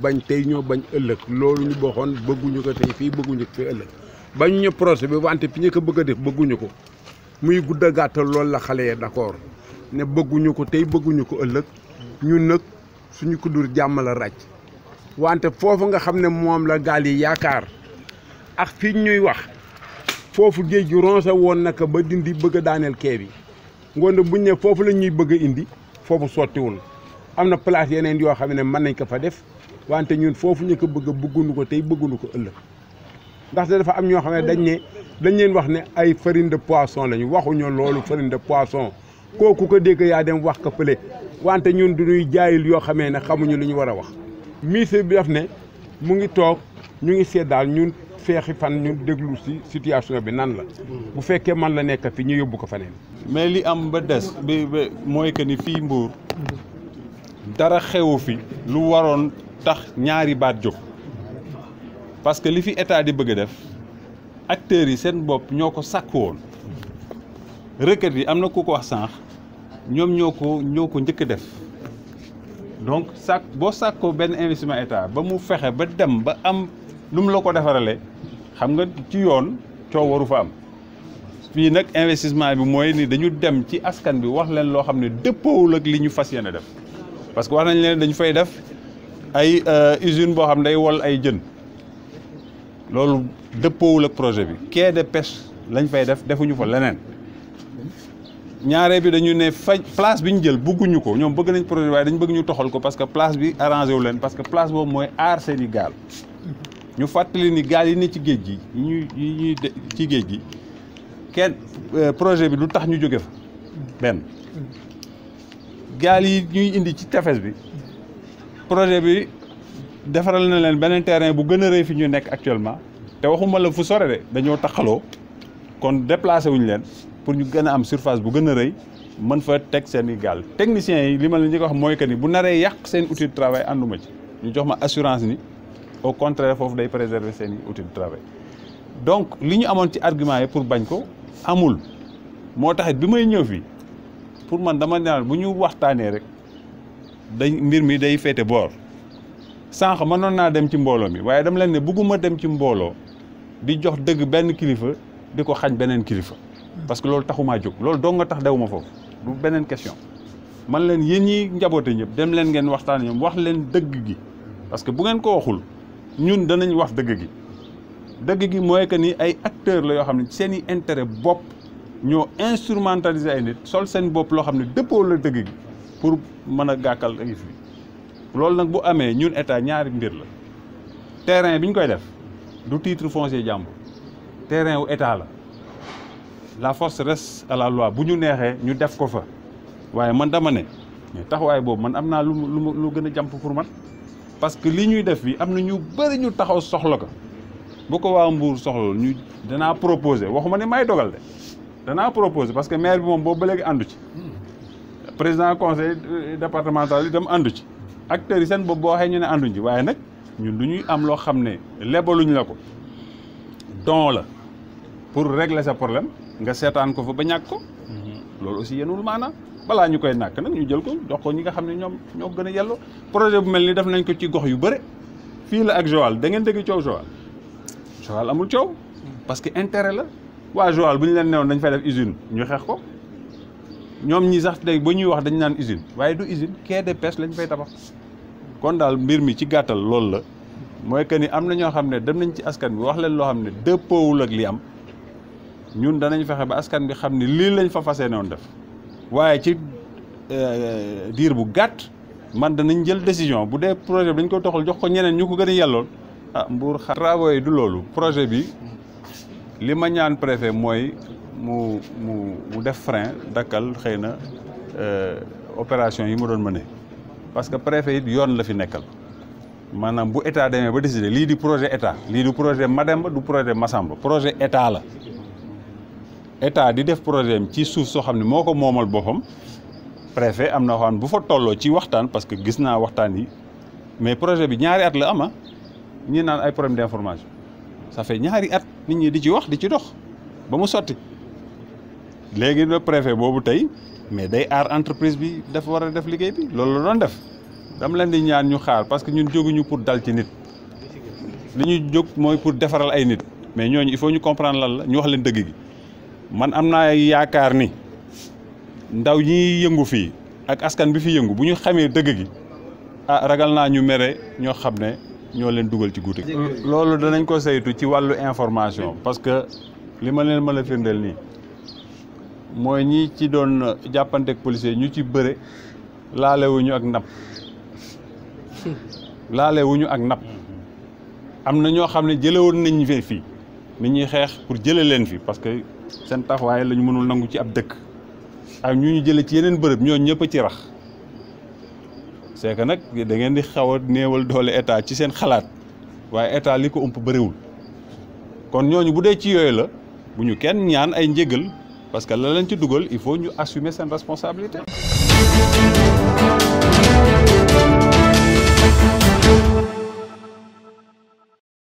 bañ tey ñoo bañ ëllëg loolu ñu bokkoon bëgguñu ko tey fii bëgguñu ko fii ëllëg bañ ñu projet bi wante fi ñu ko bëgg a def bëgguñu ko muy gudd a gàttal loolu la xale yee d'accord ne bëgguñu ko tey bëgguñu ko ëllëg ñun nag suñu kudur jàmm la ràcc wante foofu nga xam ne moom la gaal yi yaakaar ak fi ñuy wax foofu géej gi ronse woon naka ba dindi bëgg a daaneel kee bi ngoonde buñ ne foofu la ñuy bëgg indi foofu sottiwul am na place yeneen yoo xam ne mën nañ ko fa def wante ñun foofu ñu ko bëgg bëgguñu ko tey bëgguñu ko ëllëg te dafa am ñoo xam ne dañ ne leen wax ne ay farine de poisson ñu waxuñu loolu farine de poisson kooku ko dégg yaa dem wax ko fële wante ñun du ñuy jaayil yoo xamee ne xamuñu lu ñu war a wax. ministre bi daf ne mu ngi toog ñu ngi seet ñun feexi fan ñun déglu si situation bi nan la. bu fekkee man la nekk fi ñu yóbbu ko faneen. mais li am ba des bi mooy que ni fii Mbour dara xewu fi lu waroon. tax ñaari baat jóg parce que li fi état di bëgg a def acteurs yi seen bopp ñoo ko sàkk woon requête yi am na ku ko wax sànq ñoom ñoo ko ñoo ko njëkk a def donc sàkk boo sàkkoo benn investissement état ba mu fexe ba dem ba am lu mu la ko defarale xam nga ci yoon coow waru fa am fii nag investissement bi mooy ni dañu dem ci askan bi wax leen loo xam ne dëppoowul ak li ñu fas yéene def parce que wax nañ leen dañu fay def ay euh, usine boo xam ne day wol ay jën loolu dëppoowul ak projet bi quai de pêche lañ fay def defuñu fa leneen ñaaree bi dañu ne faj place bi ñu jël bugguñu ko ñoom bëgg nañ projet waaye dañu bëgg ñu toxal ko parce que place bi arrangé wu leen parce que place boobu mooy aar seeni gaal ñu fàttali ni gaal yi ne ci géej gi ñuy yi ñuy ci géej gi kenn euh, projet bi du tax ñu jóge fa benn gaal yi ñuy indi ci tefes bi projet bi defaral na len benen terrain bu gëna a fi ñu nekk actuellement té waxuma la fu soré de dañoo takhalo kon déplacer wuñ len pour ñu gëna am surface bu gëna a mën fa tek seen i technicien yi lima ma leen wax moy que ni bu naré yak seen outil de travail anduma ci ñu jox ma assurance ni au contraire fofu day préserver seen outil de travail donc li ñu amone ci argument yi pour bañ ko amul moo taxit bi may ñëw fi pour man dama ñaan bu ñu waxtané rek. dañ mbir mi day féete boor sànq mënoon naa dem ci mbooloo mi waaye dama leen ne bëgguma dem ci mbooloo di jox dëgg benn kilifa di ko xañ beneen kilifa. parce que loolu taxumaa jóg loolu doo nga tax dew ma foofu du beneen question man leen yéen ñi njaboote ñëpp dem leen ngeen waxtaan ñoom wax leen dëgg gi parce que bu ngeen ko waxul ñun danañu wax dëgg gi dëgg gi mooy que ni ay acteurs la yoo xam ne seen i intérêt bopp ñoo instrumentaliser ay nit sol seen bopp loo xam ne dëppoo la dëgg gi pour mën a gàkkal yëf bi loolu nag bu amee ñun état ñaari mbir la terrain bi ñu koy def du titre foncier jàmbur terrain wu état la la force reste à la bu ñu neexee ñu def ko fa waaye man dama ne mais taxawaay boobu man am naa lu lu lu gën a jàmp pour man parce que li ñuy def bi am na ñu bëri ñu taxaw soxla ko bu ko waa Mbour soxla ñu danaa proposer waxuma ne may dogal de danaa proposer parce que maire bi moom boobu ba léegi àndu ci président conseil euh, départemental itam àndu ci acteurs yi seen bopp boo waxee ñu ne ànduñ ci waaye nag ñun lu ñuy am loo xam ne lebaluñ la ko don la pour régler sa problème nga seetaan ko fa ba ñàkk ko mhm. loolu aussi yenul maanaam balaa ñu koy nàkk nag ñu jël ko jox ko ñi nga xam ne ñoom ñoo gën a yelloo projet bu mel ni def nañ ko ci gox yu bëre fii la ak Joal dangeen ngeen dégg coow Joal Joal amul coow mhm. parce que intérêt la waa Joal bu ñu leen newoon dañ fay def usine ñu xeex ko ñoom ñi sax léegi ba ñuy wax dañ naan usine waaye du usine quai de pêche lañ fay tabax kon daal mbir mi ci gàttal loolu la mooy que ni am na ñoo xam ne dem nañ ci askan bi wax leen loo xam ne dëppoowul ak li am ñun danañ fexe ba askan bi xam ni lii lañ fa fas yéene def waaye ci euh, diir bu gàtt man danañ jël décision bu dee projet bi ko toxal jox ko ñeneen ñu ko gën a yellool ah, mbuur travaux yi du loolu projet bi li ma ñaan préfet mooy mu mu mu def frein dakkal xëy na euh, opération yi ma doon mëne parce que préfet it yoon la fi nekkal maanaam bu état demee ba décider lii di projet état lii di projet Mademba du projet Massamba projet état la état di def projet am ci suuf soo xam ne moo ko moomal boppam préfet am na waxaan bu fa tolloo ci waxtaan parce que gis naa waxtaan yi mais projet bi ñaari at la ama ah. ñi naan ay problème d'information ça fait ñaari at nit ñi di ci wax di ci dox ba mu sotti léegi le préfet bobu tay mais day ar entreprise bi dafa wara def liggéey bi lolou la doon def dam leen di ñaan ñu xaar parce que ñun ñu pour dal ci nit li ñu jóg mooy pour défaral ay nit mais ñoñu il faut ñu comprendre lan la ñu wax leen dëgg gi man amna yaakar ni ndaw ñi yëngu fi ak askan bi fi yëngu bu ñu xamé dëgg gi ah ragal na ñu méré ño xamné ño ñoo leen dugal ci guute loolu danañ ko saytu ci walu information parce que li ma leen mala a ni mooy ñi ci doon jàppanteeg policier ñu ci bëre laalewuñu ak napp hmm. laalewuñu ak napp hmm. am na ñoo xam ne jëlewul nañ fi fii ni ñuy xeex pour jële leen fi parce que seen taxawaay la ñu mënul nangu ci ab dëkk ak ñu ñu jële ci yeneen bërëb ñooñ ñëpp ci rax c'est que nag da ngeen di xaw a néewal doole état ci seen xalaat waaye état li ko ëmp bëriwul kon ñooñu bu dee ci yooyu la bu ñu kenn ñaan ay njégal parce que la lente ci il faut assumer sa responsabilité